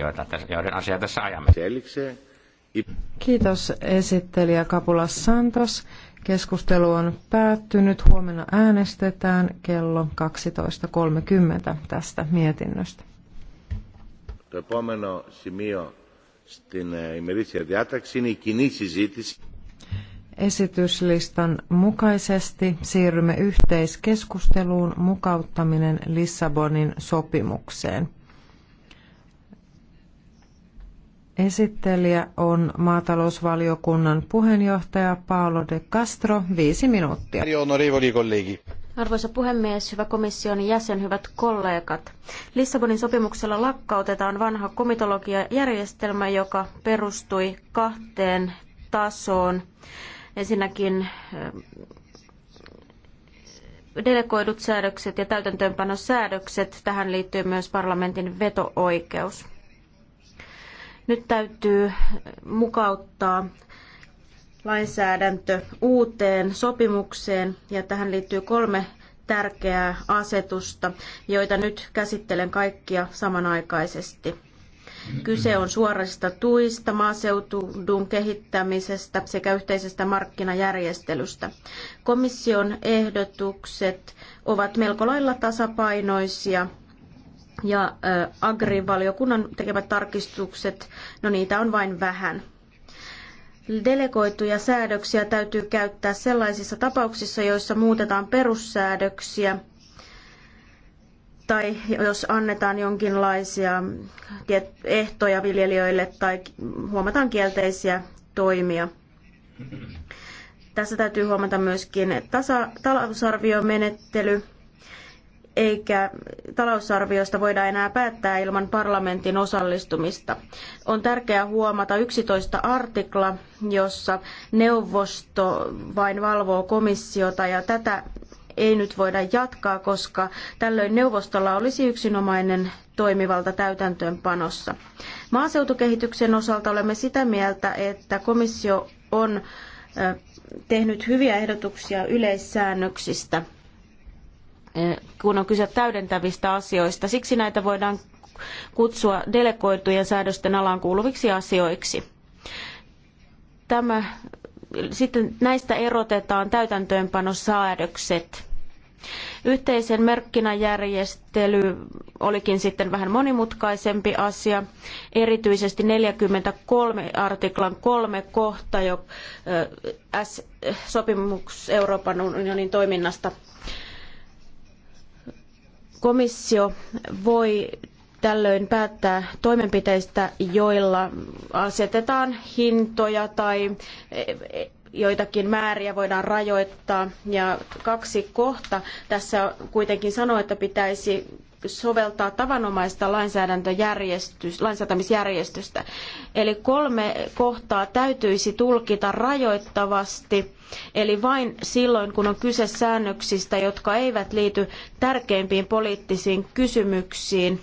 joita tässä, joiden asiaa tässä ajamme. Kiitos esittelijä Kapula Santos. Keskustelu on päättynyt. Huomenna äänestetään kello 12.30 tästä mietinnöstä. Esityslistan mukaisesti siirrymme yhteiskeskusteluun mukauttaminen Lissabonin sopimukseen. Esittelijä on maatalousvaliokunnan puheenjohtaja Paolo de Castro, viisi minuuttia. Arvoisa puhemies, hyvä komission jäsen, hyvät kollegat. Lissabonin sopimuksella lakkautetaan vanha komitologiajärjestelmä, joka perustui kahteen tasoon. Ensinnäkin eh, delegoidut säädökset ja täytäntöönpanosäädökset. Tähän liittyy myös parlamentin veto-oikeus. Nyt täytyy mukauttaa lainsäädäntö uuteen sopimukseen ja tähän liittyy kolme tärkeää asetusta, joita nyt käsittelen kaikkia samanaikaisesti. Kyse on suorista tuista, maaseutudun kehittämisestä sekä yhteisestä markkinajärjestelystä. Komission ehdotukset ovat melko lailla tasapainoisia ja agrivaliokunnan tekemät tarkistukset, no niitä on vain vähän. Delegoituja säädöksiä täytyy käyttää sellaisissa tapauksissa, joissa muutetaan perussäädöksiä tai jos annetaan jonkinlaisia ehtoja viljelijöille tai huomataan kielteisiä toimia. Tässä täytyy huomata myöskin tasa- talousarviomenettely eikä talousarviosta voida enää päättää ilman parlamentin osallistumista. On tärkeää huomata 11 artikla, jossa neuvosto vain valvoo komissiota ja tätä ei nyt voida jatkaa, koska tällöin neuvostolla olisi yksinomainen toimivalta täytäntöönpanossa. Maaseutukehityksen osalta olemme sitä mieltä, että komissio on tehnyt hyviä ehdotuksia yleissäännöksistä. Eh, kun on kyse täydentävistä asioista. Siksi näitä voidaan kutsua delegoitujen säädösten alaan kuuluviksi asioiksi. Tämä, sitten näistä erotetaan täytäntöönpanosäädökset. Yhteisen merkkinäjärjestely olikin sitten vähän monimutkaisempi asia, erityisesti 43 artiklan kolme kohta jo eh, S-sopimus eh, Euroopan unionin toiminnasta Komissio voi tällöin päättää toimenpiteistä, joilla asetetaan hintoja tai joitakin määriä voidaan rajoittaa. Ja kaksi kohta tässä kuitenkin sanoo, että pitäisi soveltaa tavanomaista lainsäätämisjärjestystä. Eli kolme kohtaa täytyisi tulkita rajoittavasti Eli vain silloin, kun on kyse säännöksistä, jotka eivät liity tärkeimpiin poliittisiin kysymyksiin,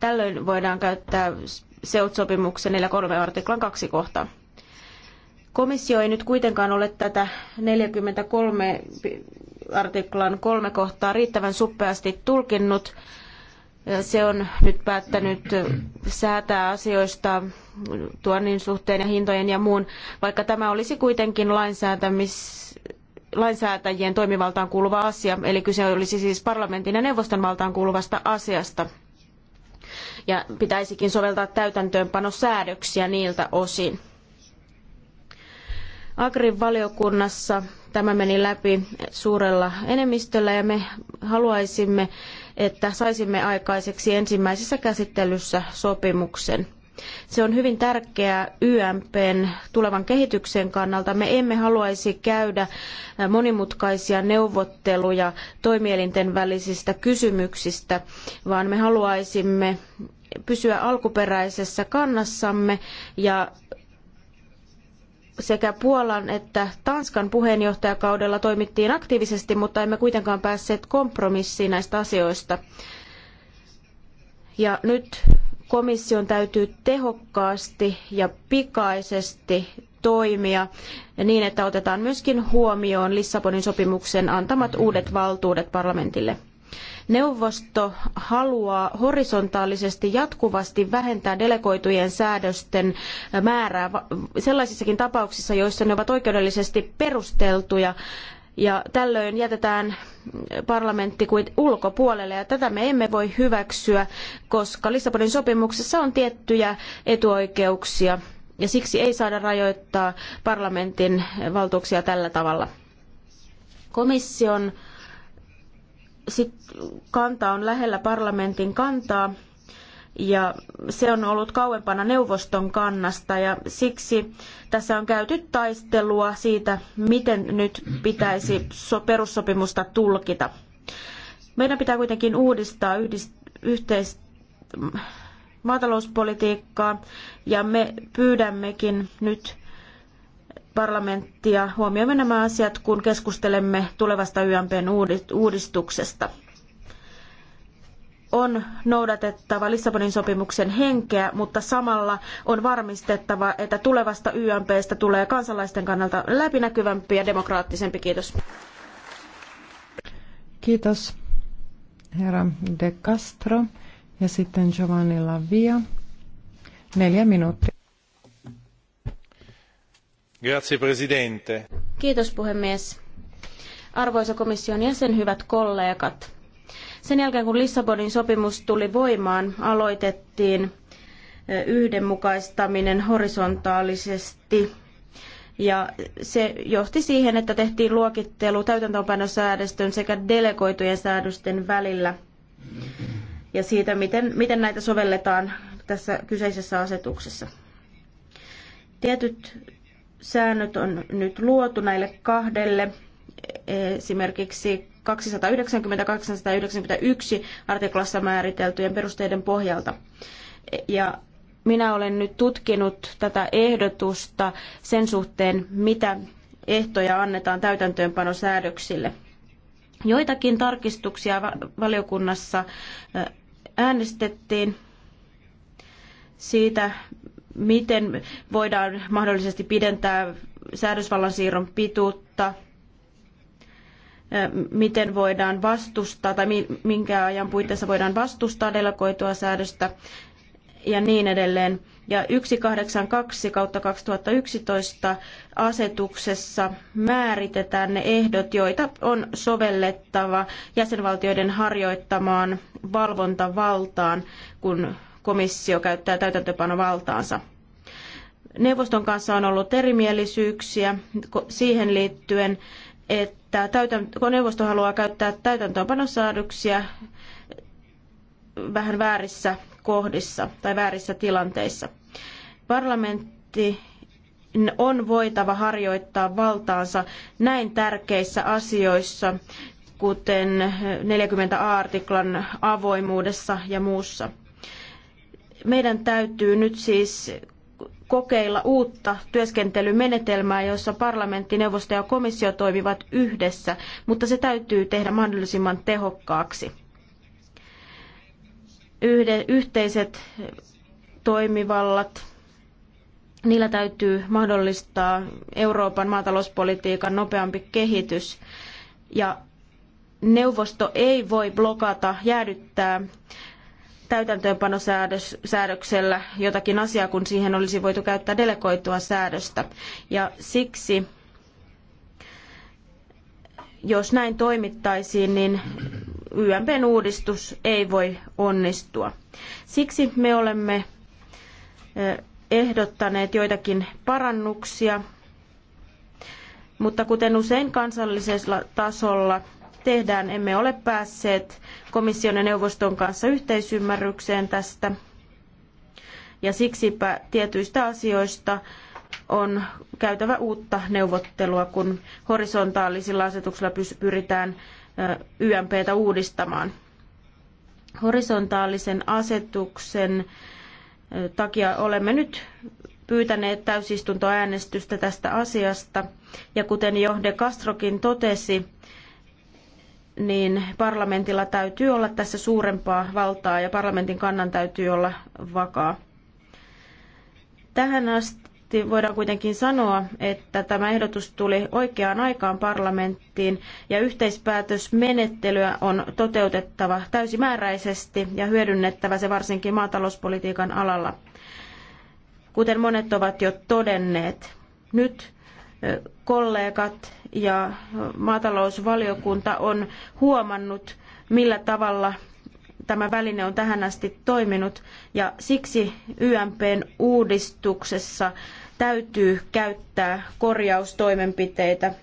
tällöin voidaan käyttää SEUT-sopimuksen 43 artiklan kaksi kohtaa. Komissio ei nyt kuitenkaan ole tätä 43 artiklan kolme kohtaa riittävän suppeasti tulkinnut, se on nyt päättänyt säätää asioista tuonnin suhteen ja hintojen ja muun, vaikka tämä olisi kuitenkin lainsäätäjien toimivaltaan kuuluva asia, eli kyse olisi siis parlamentin ja neuvoston valtaan kuuluvasta asiasta. Ja pitäisikin soveltaa täytäntöönpanosäädöksiä niiltä osin. Agrin valiokunnassa tämä meni läpi suurella enemmistöllä ja me haluaisimme että saisimme aikaiseksi ensimmäisessä käsittelyssä sopimuksen. Se on hyvin tärkeää YMPn tulevan kehityksen kannalta. Me emme haluaisi käydä monimutkaisia neuvotteluja toimielinten välisistä kysymyksistä, vaan me haluaisimme pysyä alkuperäisessä kannassamme ja sekä Puolan että Tanskan puheenjohtajakaudella toimittiin aktiivisesti, mutta emme kuitenkaan päässeet kompromissiin näistä asioista. Ja nyt komission täytyy tehokkaasti ja pikaisesti toimia niin, että otetaan myöskin huomioon Lissabonin sopimuksen antamat uudet valtuudet parlamentille. Neuvosto haluaa horisontaalisesti jatkuvasti vähentää delegoitujen säädösten määrää sellaisissakin tapauksissa, joissa ne ovat oikeudellisesti perusteltuja ja tällöin jätetään parlamentti kuin ulkopuolelle ja tätä me emme voi hyväksyä, koska Lissabonin sopimuksessa on tiettyjä etuoikeuksia ja siksi ei saada rajoittaa parlamentin valtuuksia tällä tavalla. Komission sit kanta on lähellä parlamentin kantaa ja se on ollut kauempana neuvoston kannasta ja siksi tässä on käyty taistelua siitä, miten nyt pitäisi perussopimusta tulkita. Meidän pitää kuitenkin uudistaa yhdist- yhteis- maatalouspolitiikkaa ja me pyydämmekin nyt parlamenttia. Huomioimme nämä asiat, kun keskustelemme tulevasta YMPn uudistuksesta. On noudatettava Lissabonin sopimuksen henkeä, mutta samalla on varmistettava, että tulevasta YMPstä tulee kansalaisten kannalta läpinäkyvämpi ja demokraattisempi. Kiitos. Kiitos, herra De Castro. Ja sitten Giovanni Lavia. Neljä minuuttia arvoisa Kiitos puhemies. Arvoisa komission jäsen, hyvät kollegat. Sen jälkeen kun Lissabonin sopimus tuli voimaan, aloitettiin eh, yhdenmukaistaminen horisontaalisesti ja se johti siihen, että tehtiin luokittelu täytäntöönpanosäädöstön sekä delegoitujen säädösten välillä ja siitä, miten, miten näitä sovelletaan tässä kyseisessä asetuksessa. Tietyt säännöt on nyt luotu näille kahdelle, esimerkiksi 290-291 artiklassa määriteltyjen perusteiden pohjalta. Ja minä olen nyt tutkinut tätä ehdotusta sen suhteen, mitä ehtoja annetaan täytäntöönpanosäädöksille. Joitakin tarkistuksia valiokunnassa äänestettiin siitä, miten voidaan mahdollisesti pidentää säädösvallan siirron pituutta, miten voidaan vastustaa tai minkä ajan puitteissa voidaan vastustaa delegoitua säädöstä ja niin edelleen. Ja 182 kautta 2011 asetuksessa määritetään ne ehdot, joita on sovellettava jäsenvaltioiden harjoittamaan valvontavaltaan, kun komissio käyttää täytäntöpanovaltaansa. Neuvoston kanssa on ollut erimielisyyksiä siihen liittyen, että neuvosto haluaa käyttää täytäntöönpanosäädöksiä vähän väärissä kohdissa tai väärissä tilanteissa. Parlamentti on voitava harjoittaa valtaansa näin tärkeissä asioissa, kuten 40 artiklan avoimuudessa ja muussa. Meidän täytyy nyt siis kokeilla uutta työskentelymenetelmää, jossa parlamentti, neuvosto ja komissio toimivat yhdessä, mutta se täytyy tehdä mahdollisimman tehokkaaksi. Yhde, yhteiset toimivallat, niillä täytyy mahdollistaa Euroopan maatalouspolitiikan nopeampi kehitys. Ja neuvosto ei voi blokata, jäädyttää täytäntöönpanosäädöksellä jotakin asiaa, kun siihen olisi voitu käyttää delegoitua säädöstä. Ja siksi, jos näin toimittaisiin, niin YMPn uudistus ei voi onnistua. Siksi me olemme ehdottaneet joitakin parannuksia, mutta kuten usein kansallisella tasolla tehdään. Emme ole päässeet komission ja neuvoston kanssa yhteisymmärrykseen tästä. Ja siksipä tietyistä asioista on käytävä uutta neuvottelua, kun horisontaalisilla asetuksilla pyritään YMPtä uudistamaan. Horisontaalisen asetuksen takia olemme nyt pyytäneet täysistuntoäänestystä tästä asiasta. Ja kuten jo De Castrokin totesi, niin parlamentilla täytyy olla tässä suurempaa valtaa ja parlamentin kannan täytyy olla vakaa. Tähän asti voidaan kuitenkin sanoa, että tämä ehdotus tuli oikeaan aikaan parlamenttiin ja yhteispäätösmenettelyä on toteutettava täysimääräisesti ja hyödynnettävä se varsinkin maatalouspolitiikan alalla, kuten monet ovat jo todenneet. Nyt kollegat ja maatalousvaliokunta on huomannut, millä tavalla tämä väline on tähän asti toiminut ja siksi YMPn uudistuksessa täytyy käyttää korjaustoimenpiteitä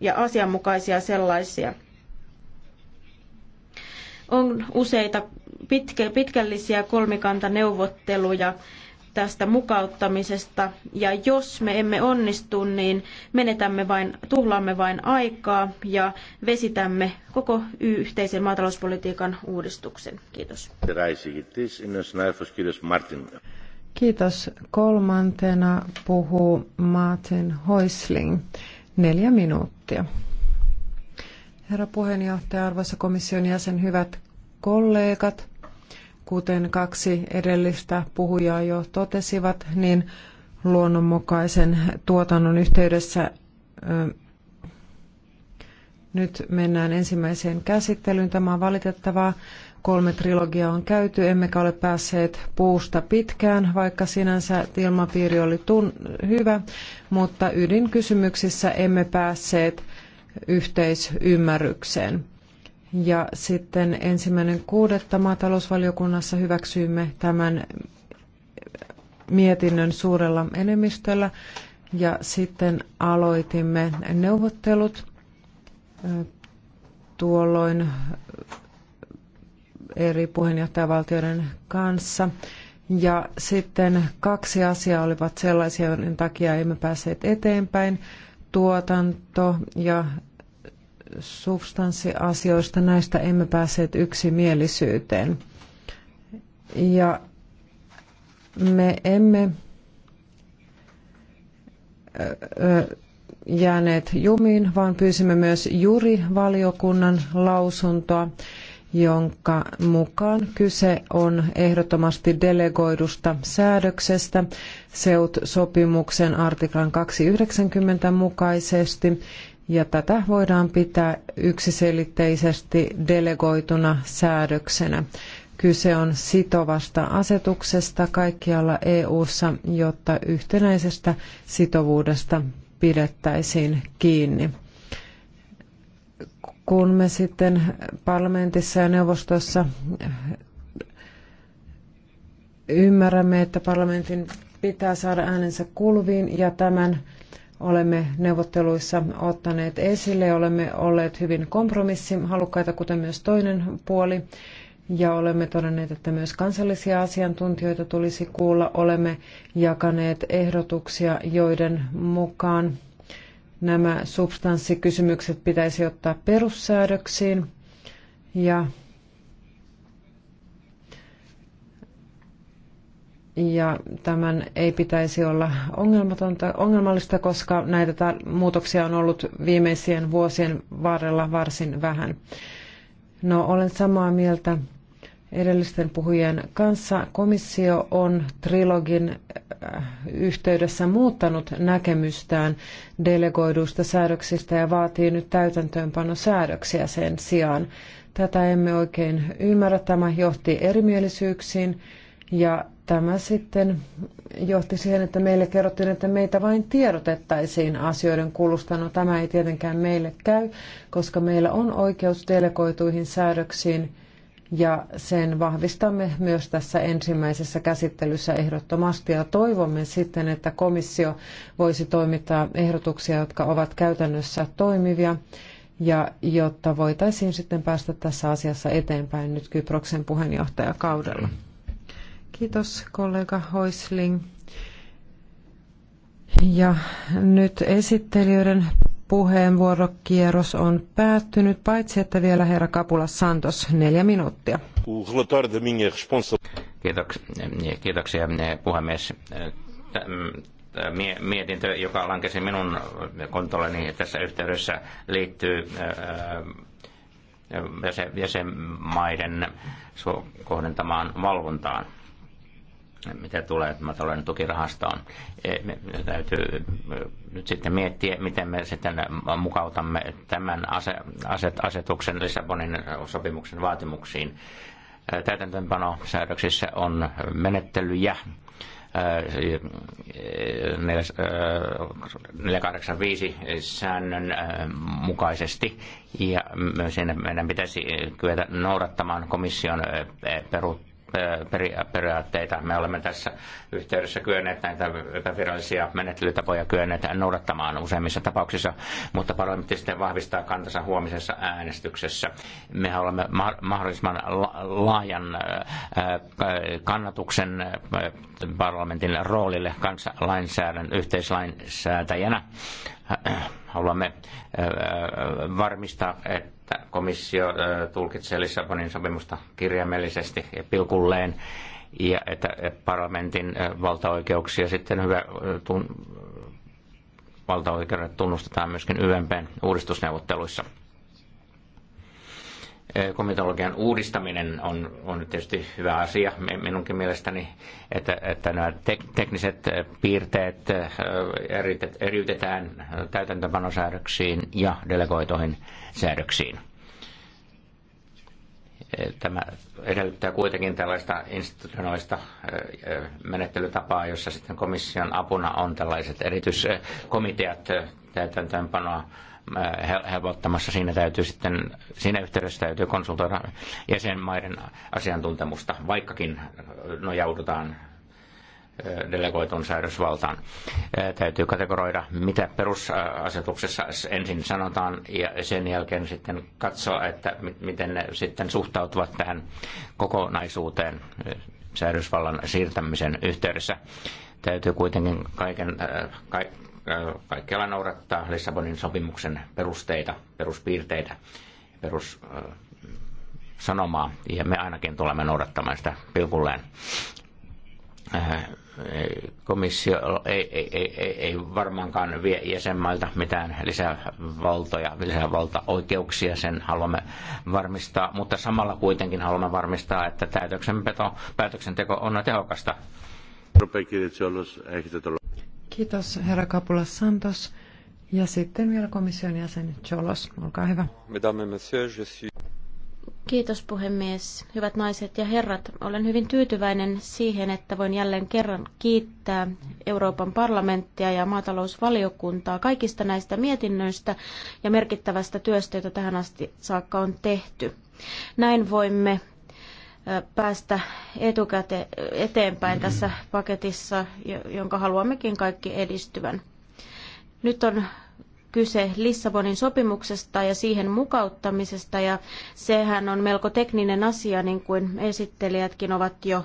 ja asianmukaisia sellaisia. On useita pitkä, pitkällisiä kolmikantaneuvotteluja tästä mukauttamisesta. Ja jos me emme onnistu, niin menetämme vain, tuhlaamme vain aikaa ja vesitämme koko yhteisen maatalouspolitiikan uudistuksen. Kiitos. Kiitos. Kolmantena puhuu Martin Häusling. Neljä minuuttia. Herra puheenjohtaja, arvoisa komission jäsen, hyvät kollegat kuten kaksi edellistä puhujaa jo totesivat, niin luonnonmukaisen tuotannon yhteydessä nyt mennään ensimmäiseen käsittelyyn. Tämä on valitettavaa. Kolme trilogiaa on käyty, emmekä ole päässeet puusta pitkään, vaikka sinänsä ilmapiiri oli hyvä, mutta ydinkysymyksissä emme päässeet yhteisymmärrykseen. Ja sitten ensimmäinen kuudetta maatalousvaliokunnassa hyväksyimme tämän mietinnön suurella enemmistöllä. Ja sitten aloitimme neuvottelut. Tuolloin eri puheenjohtajavaltioiden kanssa. Ja sitten kaksi asiaa olivat sellaisia, joiden takia emme päässeet eteenpäin. Tuotanto ja substanssiasioista, näistä emme päässeet yksimielisyyteen. Ja me emme jääneet jumiin, vaan pyysimme myös jurivaliokunnan lausuntoa, jonka mukaan kyse on ehdottomasti delegoidusta säädöksestä SEUT-sopimuksen artiklan 290 mukaisesti ja tätä voidaan pitää yksiselitteisesti delegoituna säädöksenä. Kyse on sitovasta asetuksesta kaikkialla EU:ssa, jotta yhtenäisestä sitovuudesta pidettäisiin kiinni. Kun me sitten parlamentissa ja neuvostossa ymmärrämme, että parlamentin pitää saada äänensä kulviin ja tämän olemme neuvotteluissa ottaneet esille. Olemme olleet hyvin kompromissihalukkaita, kuten myös toinen puoli. Ja olemme todenneet, että myös kansallisia asiantuntijoita tulisi kuulla. Olemme jakaneet ehdotuksia, joiden mukaan nämä substanssikysymykset pitäisi ottaa perussäädöksiin. Ja ja tämän ei pitäisi olla ongelmatonta, ongelmallista, koska näitä muutoksia on ollut viimeisien vuosien varrella varsin vähän. No, olen samaa mieltä edellisten puhujien kanssa. Komissio on trilogin äh, yhteydessä muuttanut näkemystään delegoiduista säädöksistä ja vaatii nyt täytäntöönpanosäädöksiä sen sijaan. Tätä emme oikein ymmärrä. Tämä johti erimielisyyksiin ja tämä sitten johti siihen, että meille kerrottiin, että meitä vain tiedotettaisiin asioiden kulusta. No tämä ei tietenkään meille käy, koska meillä on oikeus delegoituihin säädöksiin ja sen vahvistamme myös tässä ensimmäisessä käsittelyssä ehdottomasti ja toivomme sitten, että komissio voisi toimittaa ehdotuksia, jotka ovat käytännössä toimivia ja jotta voitaisiin sitten päästä tässä asiassa eteenpäin nyt Kyproksen puheenjohtajakaudella. Kiitos kollega Hoisling. Ja nyt esittelijöiden puheenvuorokierros on päättynyt, paitsi että vielä herra Kapula Santos, neljä minuuttia. Niin, kiitoksia, kiitoksia puhemies. Mm, mietintö, joka lankesi minun kontolleni tässä yhteydessä, liittyy jäsenmaiden kohdentamaan valvontaan – mitä tulee maatalouden tukirahastoon. E, me täytyy e, nyt sitten miettiä, miten me sitten mukautamme tämän ase, aset, asetuksen Lissabonin sopimuksen vaatimuksiin. E, Täytäntöönpanosäädöksissä on menettelyjä, 485 säännön mukaisesti. Ja myös meidän pitäisi kyetä noudattamaan komission periaatteita. Me olemme tässä yhteydessä kyenneet näitä epävirallisia menettelytapoja kyenneet noudattamaan useimmissa tapauksissa, mutta parlamentti sitten vahvistaa kantansa huomisessa äänestyksessä. Me olemme mahdollisimman laajan kannatuksen parlamentin roolille kanssa lainsäädännön yhteislainsäätäjänä äh, haluamme äh, äh, varmistaa, että komissio äh, tulkitsee Lissabonin sopimusta kirjaimellisesti ja pilkulleen ja että parlamentin valtaoikeuksia sitten hyvä, tun, valtaoikeudet tunnustetaan myöskin YMPn uudistusneuvotteluissa. Eh, komitologian uudistaminen on, on tietysti hyvä asia minunkin mielestäni, että, että nämä tek, tekniset eh, piirteet eh, eriytetään täytäntöpanosäädöksiin ja delegoitoihin säädöksiin. Tämä edellyttää kuitenkin tällaista institutionaalista menettelytapaa, jossa sitten komission apuna on tällaiset erityiskomiteat täytäntöönpanoa Äh, helpottamassa. Siinä, täytyy sitten, siinä yhteydessä täytyy konsultoida jäsenmaiden asiantuntemusta, vaikkakin äh, nojaudutaan äh, delegoitun säädösvaltaan. Täytyy kategoroida, mitä perusasetuksessa ensin sanotaan ja sen jälkeen sitten katsoa, että miten ne sitten suhtautuvat tähän kokonaisuuteen säädösvallan siirtämisen yhteydessä. Täytyy kuitenkin kaiken, kaikkialla noudattaa Lissabonin sopimuksen perusteita, peruspiirteitä, perussanomaa, ja me ainakin tulemme noudattamaan sitä pilkulleen. Komissio ei, ei, ei, ei varmaankaan vie jäsenmailta mitään lisävaltoja, lisävaltaoikeuksia, sen haluamme varmistaa, mutta samalla kuitenkin haluamme varmistaa, että päätöksenteko on tehokasta. Kiitos herra Kapula Santos. Ja sitten vielä komission jäsen Cholos, olkaa hyvä. Mesdames, monsieur, je suis... Kiitos puhemies. Hyvät naiset ja herrat, olen hyvin tyytyväinen siihen, että voin jälleen kerran kiittää Euroopan parlamenttia ja maatalousvaliokuntaa kaikista näistä mietinnöistä ja merkittävästä työstä, jota tähän asti saakka on tehty. Näin voimme päästä etukäteen eteenpäin tässä paketissa, jonka haluammekin kaikki edistyvän. Nyt on kyse Lissabonin sopimuksesta ja siihen mukauttamisesta ja sehän on melko tekninen asia, niin kuin esittelijätkin ovat jo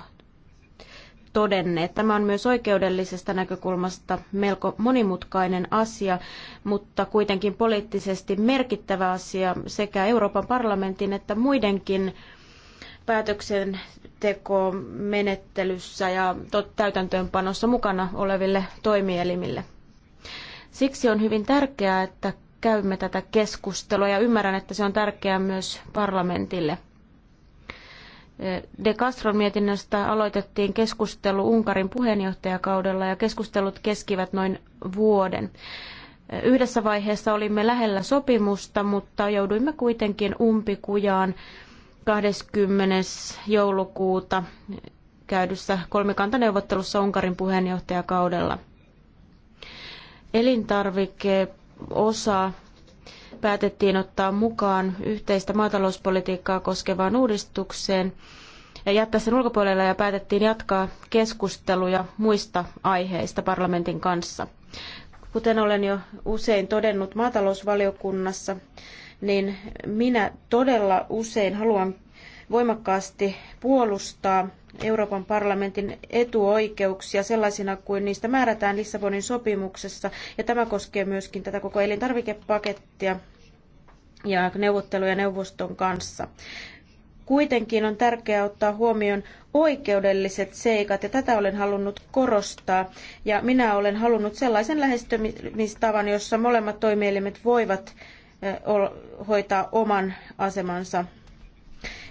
todenneet. Tämä on myös oikeudellisesta näkökulmasta melko monimutkainen asia, mutta kuitenkin poliittisesti merkittävä asia sekä Euroopan parlamentin että muidenkin päätöksentekomenettelyssä ja täytäntöönpanossa mukana oleville toimielimille. Siksi on hyvin tärkeää, että käymme tätä keskustelua ja ymmärrän, että se on tärkeää myös parlamentille. De Castron mietinnöstä aloitettiin keskustelu Unkarin puheenjohtajakaudella ja keskustelut keskivät noin vuoden. Yhdessä vaiheessa olimme lähellä sopimusta, mutta jouduimme kuitenkin umpikujaan 20. joulukuuta käydyssä kolmikantaneuvottelussa Unkarin puheenjohtajakaudella. Elintarvikeosa päätettiin ottaa mukaan yhteistä maatalouspolitiikkaa koskevaan uudistukseen ja jättää sen ulkopuolelle ja päätettiin jatkaa keskusteluja muista aiheista parlamentin kanssa. Kuten olen jo usein todennut maatalousvaliokunnassa, niin minä todella usein haluan voimakkaasti puolustaa Euroopan parlamentin etuoikeuksia sellaisina kuin niistä määrätään Lissabonin sopimuksessa. Ja tämä koskee myöskin tätä koko elintarvikepakettia ja neuvotteluja neuvoston kanssa. Kuitenkin on tärkeää ottaa huomioon oikeudelliset seikat, ja tätä olen halunnut korostaa. Ja minä olen halunnut sellaisen lähestymistavan, jossa molemmat toimielimet voivat hoitaa oman asemansa.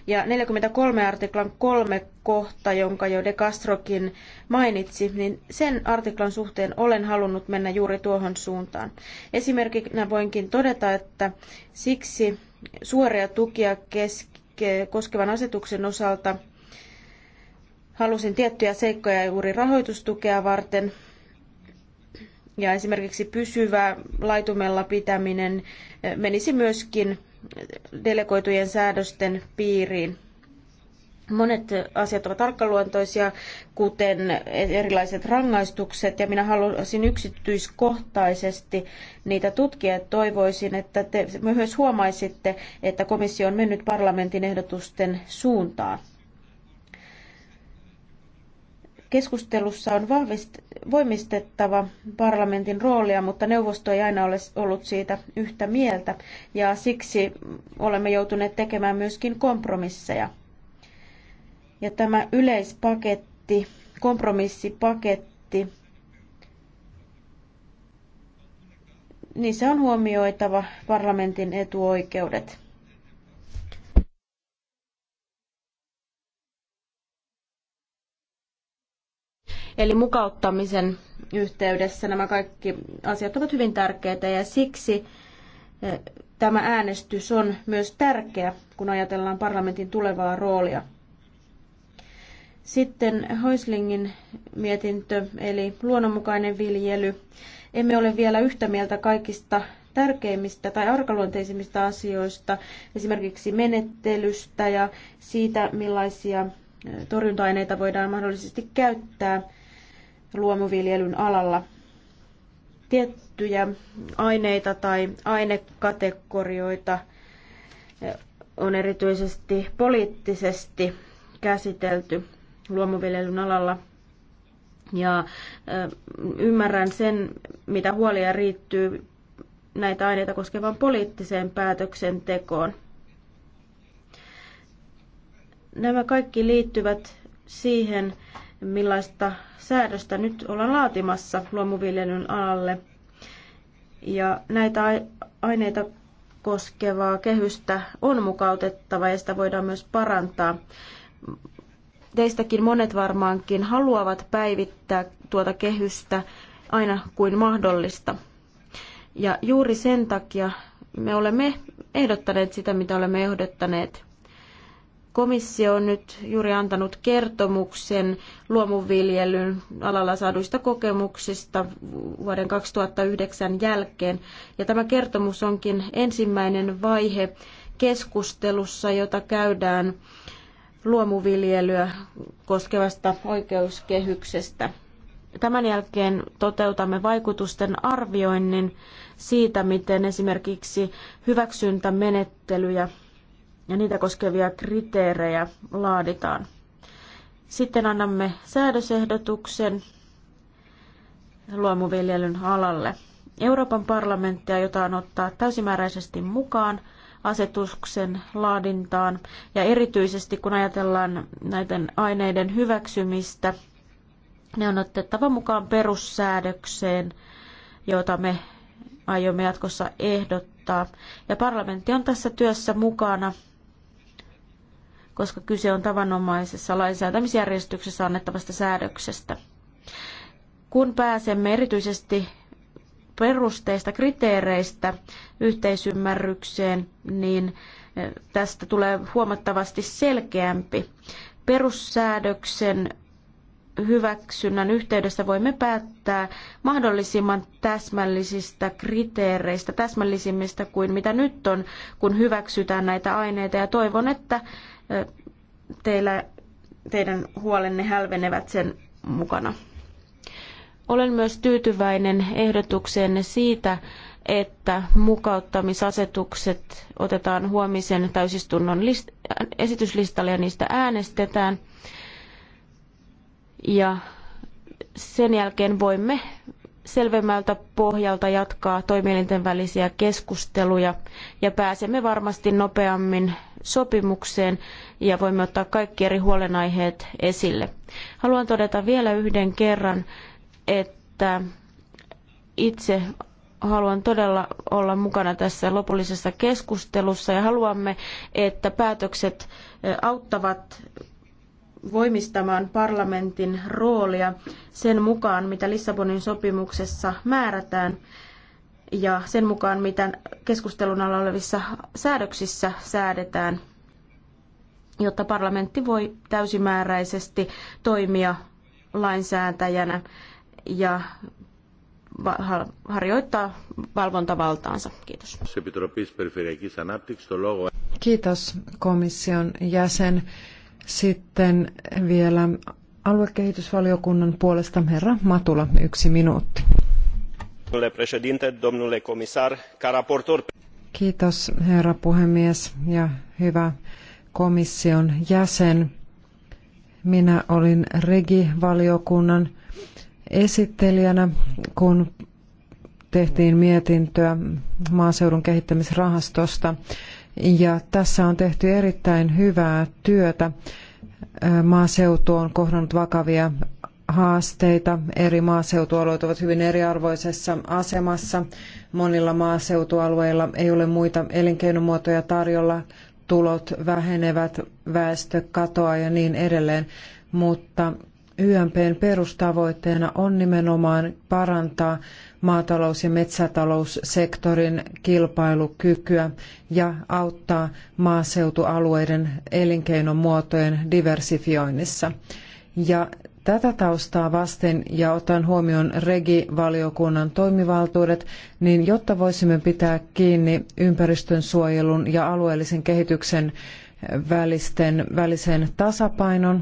Ja 43 artiklan kolme kohta, jonka jo De Castrokin mainitsi, niin sen artiklan suhteen olen halunnut mennä juuri tuohon suuntaan. Esimerkkinä voinkin todeta, että siksi suoria tukia keske- koskevan asetuksen osalta halusin tiettyjä seikkoja juuri rahoitustukea varten, ja esimerkiksi pysyvä laitumella pitäminen eh, menisi myöskin delegoitujen säädösten piiriin. Monet asiat ovat tarkkaluontoisia, kuten erilaiset rangaistukset, ja minä haluaisin yksityiskohtaisesti niitä tutkia. Toivoisin, että te myös huomaisitte, että komissio on mennyt parlamentin ehdotusten suuntaan. Keskustelussa on vahvist- voimistettava parlamentin roolia, mutta neuvosto ei aina ole ollut siitä yhtä mieltä ja siksi olemme joutuneet tekemään myöskin kompromisseja. Ja tämä yleispaketti, kompromissipaketti, niissä on huomioitava parlamentin etuoikeudet. Eli mukauttamisen yhteydessä nämä kaikki asiat ovat hyvin tärkeitä ja siksi eh, tämä äänestys on myös tärkeä, kun ajatellaan parlamentin tulevaa roolia. Sitten Hoislingin mietintö, eli luonnonmukainen viljely. Emme ole vielä yhtä mieltä kaikista tärkeimmistä tai arkaluonteisimmista asioista, esimerkiksi menettelystä ja siitä, millaisia eh, torjunta-aineita voidaan mahdollisesti käyttää – luomuviljelyn alalla tiettyjä aineita tai ainekategorioita eh, on erityisesti poliittisesti käsitelty luomuviljelyn alalla. Ja eh, ymmärrän sen, mitä huolia riittyy näitä aineita koskevaan poliittiseen päätöksentekoon. Nämä kaikki liittyvät siihen, millaista säädöstä nyt ollaan laatimassa luomuviljelyn alalle. Ja näitä aineita koskevaa kehystä on mukautettava ja sitä voidaan myös parantaa. Teistäkin monet varmaankin haluavat päivittää tuota kehystä aina kuin mahdollista. Ja juuri sen takia me olemme ehdottaneet sitä, mitä olemme ehdottaneet. Komissio on nyt juuri antanut kertomuksen luomuviljelyn alalla saaduista kokemuksista vuoden 2009 jälkeen. Ja tämä kertomus onkin ensimmäinen vaihe keskustelussa, jota käydään luomuviljelyä koskevasta oikeuskehyksestä. Tämän jälkeen toteutamme vaikutusten arvioinnin siitä, miten esimerkiksi hyväksyntämenettelyjä ja niitä koskevia kriteerejä laaditaan. Sitten annamme säädösehdotuksen luomuviljelyn alalle. Euroopan parlamentti aiotaan ottaa täysimääräisesti mukaan asetuksen laadintaan ja erityisesti kun ajatellaan näiden aineiden hyväksymistä, ne on otettava mukaan perussäädökseen, jota me aiomme jatkossa ehdottaa. Ja parlamentti on tässä työssä mukana koska kyse on tavanomaisessa lainsäätämisjärjestyksessä annettavasta säädöksestä. Kun pääsemme erityisesti perusteista, kriteereistä yhteisymmärrykseen, niin e, tästä tulee huomattavasti selkeämpi. Perussäädöksen hyväksynnän yhteydessä voimme päättää mahdollisimman täsmällisistä kriteereistä, täsmällisimmistä kuin mitä nyt on, kun hyväksytään näitä aineita. Ja toivon, että teillä, teidän huolenne hälvenevät sen mukana. Olen myös tyytyväinen ehdotukseenne siitä, että mukauttamisasetukset otetaan huomisen täysistunnon list- esityslistalle ja niistä äänestetään. Ja sen jälkeen voimme selvemmältä pohjalta jatkaa toimielinten välisiä keskusteluja ja pääsemme varmasti nopeammin sopimukseen ja voimme ottaa kaikki eri huolenaiheet esille. Haluan todeta vielä yhden kerran, että itse haluan todella olla mukana tässä lopullisessa keskustelussa ja haluamme, että päätökset auttavat voimistamaan parlamentin roolia sen mukaan, mitä Lissabonin sopimuksessa määrätään ja sen mukaan, mitä keskustelun alla olevissa säädöksissä säädetään, jotta parlamentti voi täysimääräisesti toimia lainsäätäjänä ja harjoittaa valvontavaltaansa. Kiitos. Kiitos komission jäsen. Sitten vielä aluekehitysvaliokunnan puolesta herra Matula, yksi minuutti. Kiitos herra puhemies ja hyvä komission jäsen. Minä olin Regi-valiokunnan esittelijänä, kun tehtiin mietintöä maaseudun kehittämisrahastosta. Ja tässä on tehty erittäin hyvää työtä. Maaseutu on kohdannut vakavia haasteita. Eri maaseutualueet ovat hyvin eriarvoisessa asemassa. Monilla maaseutualueilla ei ole muita elinkeinomuotoja tarjolla. Tulot vähenevät, väestö katoaa ja niin edelleen. Mutta YMPn perustavoitteena on nimenomaan parantaa maatalous- ja metsätaloussektorin kilpailukykyä ja auttaa maaseutualueiden elinkeinomuotojen diversifioinnissa. Ja tätä taustaa vasten ja otan huomioon regi-valiokunnan toimivaltuudet, niin jotta voisimme pitää kiinni ympäristönsuojelun ja alueellisen kehityksen välisten, välisen tasapainon,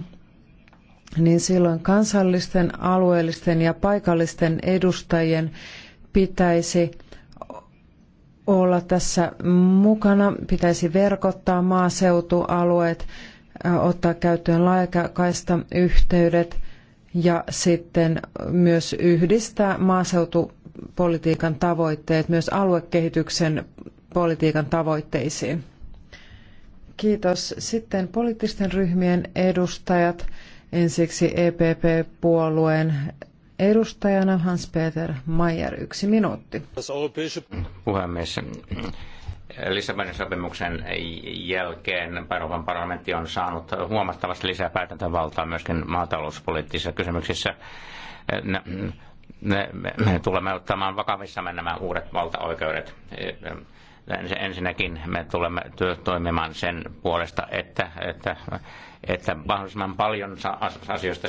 niin silloin kansallisten, alueellisten ja paikallisten edustajien pitäisi olla tässä mukana, pitäisi verkottaa maaseutualueet, ottaa käyttöön laajakaista yhteydet ja sitten myös yhdistää maaseutupolitiikan tavoitteet myös aluekehityksen politiikan tavoitteisiin. Kiitos. Sitten poliittisten ryhmien edustajat. Ensiksi EPP-puolueen edustajana Hans-Peter Mayer, yksi minuutti. Puhemies, Lissabonin sopimuksen jälkeen Euroopan parlamentti on saanut huomattavasti lisää päätäntävaltaa myöskin maatalouspoliittisissa kysymyksissä. me tulemme ottamaan vakavissamme nämä uudet valtaoikeudet. Ensinnäkin me tulemme toimimaan sen puolesta, että, että että mahdollisimman paljon asioista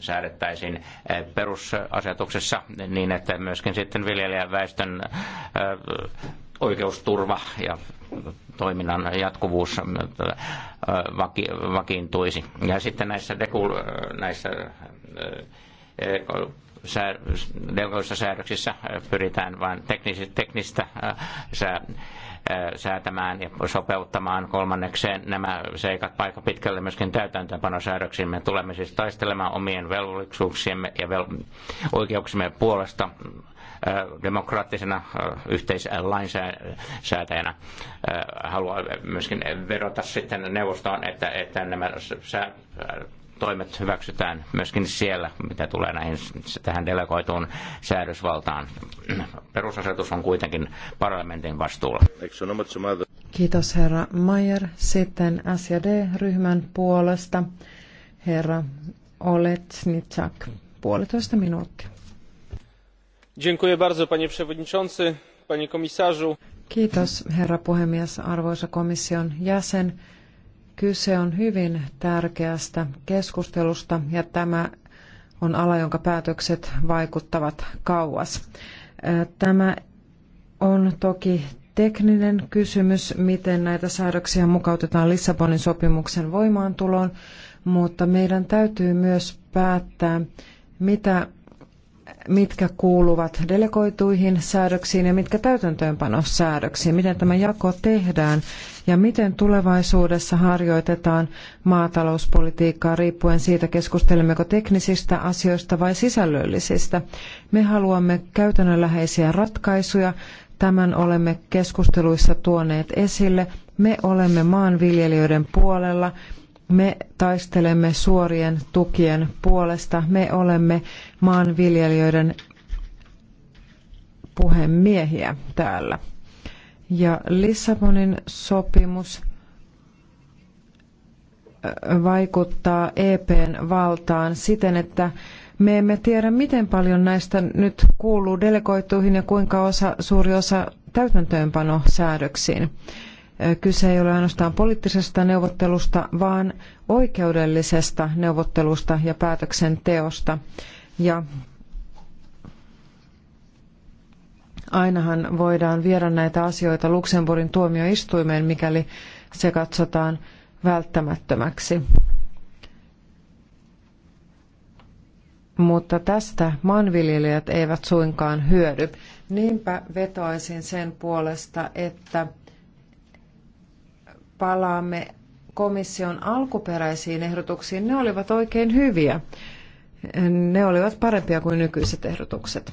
säädettäisiin eh, perusasetuksessa niin, että myöskin sitten viljelijän väestön eh, oikeusturva ja toiminnan jatkuvuus eh, vaki, vakiintuisi. Ja sitten näissä, deku, näissä delkoissa säädöksissä pyritään vain teknistä, teknistä sää, säätämään ja sopeuttamaan kolmannekseen nämä seikat aika pitkälle myöskin täytäntöönpanosäädöksiin. Me tulemme siis taistelemaan omien velvollisuuksiemme ja vel- oikeuksiemme puolesta demokraattisena yhteislainsäätäjänä haluaa myöskin vedota sitten neuvostoon, että, että nämä toimet hyväksytään myöskin siellä, mitä tulee näihin, tähän delegoituun säädösvaltaan. Perusasetus on kuitenkin parlamentin vastuulla. Kiitos herra Mayer. Sitten SJD-ryhmän puolesta herra Oletsnitsak, puolitoista minuuttia. Dziękuję bardzo, panie przewodniczący, panie komisarzu. Kiitos, herra puhemies, arvoisa komission jäsen. Kyse on hyvin tärkeästä keskustelusta ja tämä on ala, jonka päätökset vaikuttavat kauas. Tämä on toki tekninen kysymys, miten näitä säädöksiä mukautetaan Lissabonin sopimuksen voimaantuloon, mutta meidän täytyy myös päättää, mitä mitkä kuuluvat delegoituihin säädöksiin ja mitkä täytäntöönpanosäädöksiin, miten tämä jako tehdään ja miten tulevaisuudessa harjoitetaan maatalouspolitiikkaa riippuen siitä, keskustelemmeko teknisistä asioista vai sisällöllisistä. Me haluamme käytännönläheisiä ratkaisuja, tämän olemme keskusteluissa tuoneet esille. Me olemme maanviljelijöiden puolella me taistelemme suorien tukien puolesta. Me olemme maanviljelijöiden puhemiehiä täällä. Ja Lissabonin sopimus vaikuttaa EPn valtaan siten, että me emme tiedä, miten paljon näistä nyt kuuluu delegoituihin ja kuinka osa, suuri osa täytäntöönpanosäädöksiin. säädöksiin. Kyse ei ole ainoastaan poliittisesta neuvottelusta, vaan oikeudellisesta neuvottelusta ja päätöksenteosta. Ja ainahan voidaan viedä näitä asioita Luxemburgin tuomioistuimeen, mikäli se katsotaan välttämättömäksi. Mutta tästä maanviljelijät eivät suinkaan hyödy. Niinpä vetoaisin sen puolesta, että palaamme komission alkuperäisiin ehdotuksiin, ne olivat oikein hyviä. Ne olivat parempia kuin nykyiset ehdotukset.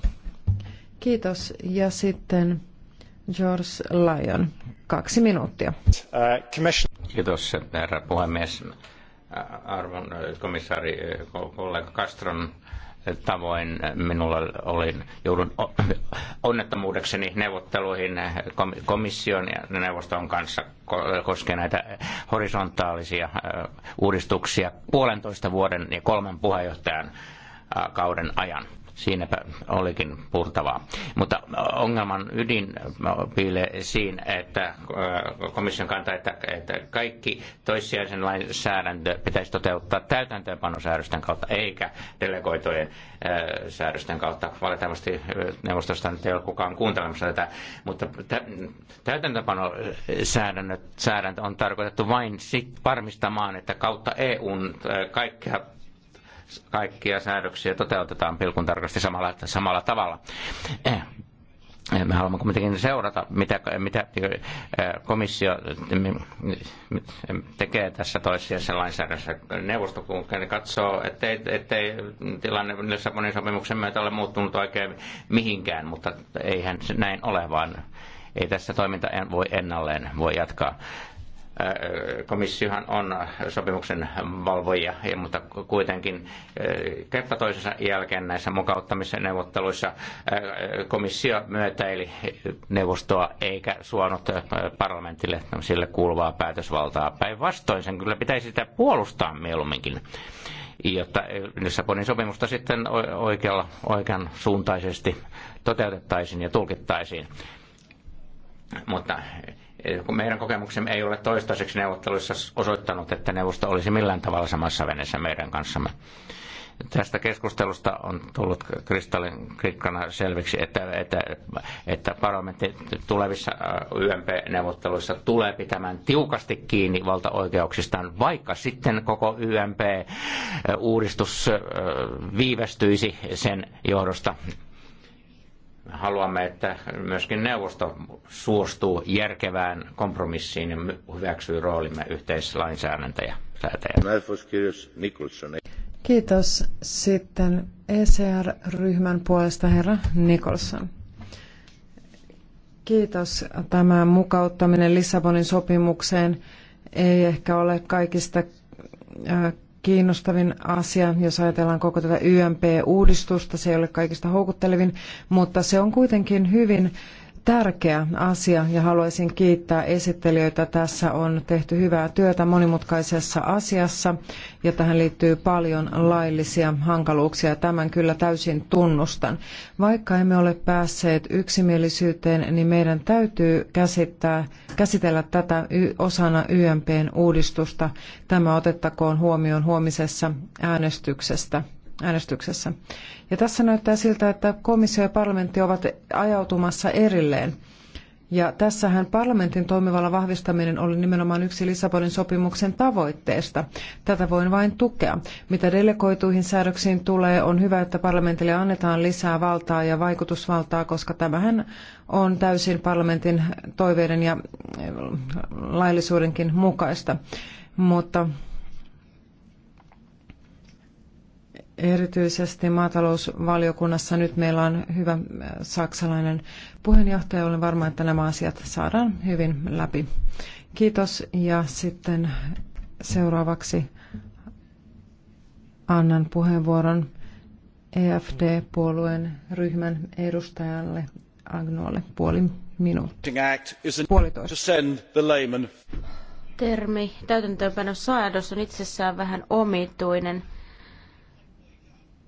Kiitos. Ja sitten George Lyon, kaksi minuuttia. Kiitos, herra puhemies. Arvon äh, komissaari äh, kollega Castron tavoin minulla oli, joudun onnettomuudekseni neuvotteluihin komission ja neuvoston kanssa koskien näitä horisontaalisia uudistuksia puolentoista vuoden ja kolmen puheenjohtajan kauden ajan siinäpä olikin purtavaa. Mutta ongelman ydin piilee siinä, että äh, komission kanta, että, että kaikki toissijaisen lainsäädäntö pitäisi toteuttaa täytäntöönpanosäädösten kautta, eikä delegoitujen äh, säädösten kautta. Valitettavasti äh, neuvostosta nyt ei ole kukaan kuuntelemassa tätä, mutta täytäntöönpanosäädäntö on tarkoitettu vain sit varmistamaan, että kautta EUn kaikkia kaikkia säädöksiä toteutetaan pilkun tarkasti samalla, samalla tavalla. Eh, me haluamme kuitenkin seurata, mitä, mitä eh, komissio tekee tässä toissijaisessa lainsäädännössä. Neuvosto katsoo, ettei, ettei tilanne Lissabonin sopimuksen myötä ole muuttunut oikein mihinkään, mutta eihän se näin ole, vaan ei tässä toiminta voi ennalleen voi jatkaa komissiohan on sopimuksen valvoja, mutta kuitenkin kerta toisensa jälkeen näissä mukauttamisneuvotteluissa komissio myötäili neuvostoa eikä suonut parlamentille sille kuuluvaa päätösvaltaa. Päinvastoin sen kyllä pitäisi sitä puolustaa mieluumminkin jotta Lissabonin sopimusta sitten oikealla, oikean suuntaisesti toteutettaisiin ja tulkittaisiin. Mutta meidän kokemuksemme ei ole toistaiseksi neuvotteluissa osoittanut, että neuvosto olisi millään tavalla samassa veneessä meidän kanssamme. Tästä keskustelusta on tullut kristallin krikkana selviksi, että, että, että parlamentti tulevissa äh, YMP-neuvotteluissa tulee pitämään tiukasti kiinni valtaoikeuksistaan, vaikka sitten koko YMP-uudistus äh, äh, viivästyisi sen johdosta haluamme, että myöskin neuvosto suostuu järkevään kompromissiin ja hyväksyy roolimme yhteislainsäädäntäjä. Kiitos. Sitten ECR-ryhmän puolesta herra Nicholson. Kiitos. Tämä mukauttaminen Lissabonin sopimukseen ei ehkä ole kaikista äh, kiinnostavin asia, jos ajatellaan koko tätä YMP-uudistusta. Se ei ole kaikista houkuttelevin, mutta se on kuitenkin hyvin tärkeä asia ja haluaisin kiittää esittelijöitä. Tässä on tehty hyvää työtä monimutkaisessa asiassa ja tähän liittyy paljon laillisia hankaluuksia ja tämän kyllä täysin tunnustan. Vaikka emme ole päässeet yksimielisyyteen, niin meidän täytyy käsittää, käsitellä tätä osana YMPn uudistusta. Tämä otettakoon huomioon huomisessa äänestyksestä äänestyksessä. Ja tässä näyttää siltä, että komissio ja parlamentti ovat ajautumassa erilleen. Ja tässähän parlamentin toimivallan vahvistaminen oli nimenomaan yksi Lissabonin sopimuksen tavoitteista. Tätä voin vain tukea. Mitä delegoituihin säädöksiin tulee, on hyvä, että parlamentille annetaan lisää valtaa ja vaikutusvaltaa, koska tämähän on täysin parlamentin toiveiden ja eh, laillisuudenkin mukaista. Mutta erityisesti maatalousvaliokunnassa. Nyt meillä on hyvä äh, saksalainen puheenjohtaja. Olen varma, että nämä asiat saadaan hyvin läpi. Kiitos ja sitten seuraavaksi annan puheenvuoron EFD-puolueen ryhmän edustajalle Agnolle puoli minuuttia. Puolitoista termi täytäntöönpanosäädös on itsessään vähän omituinen.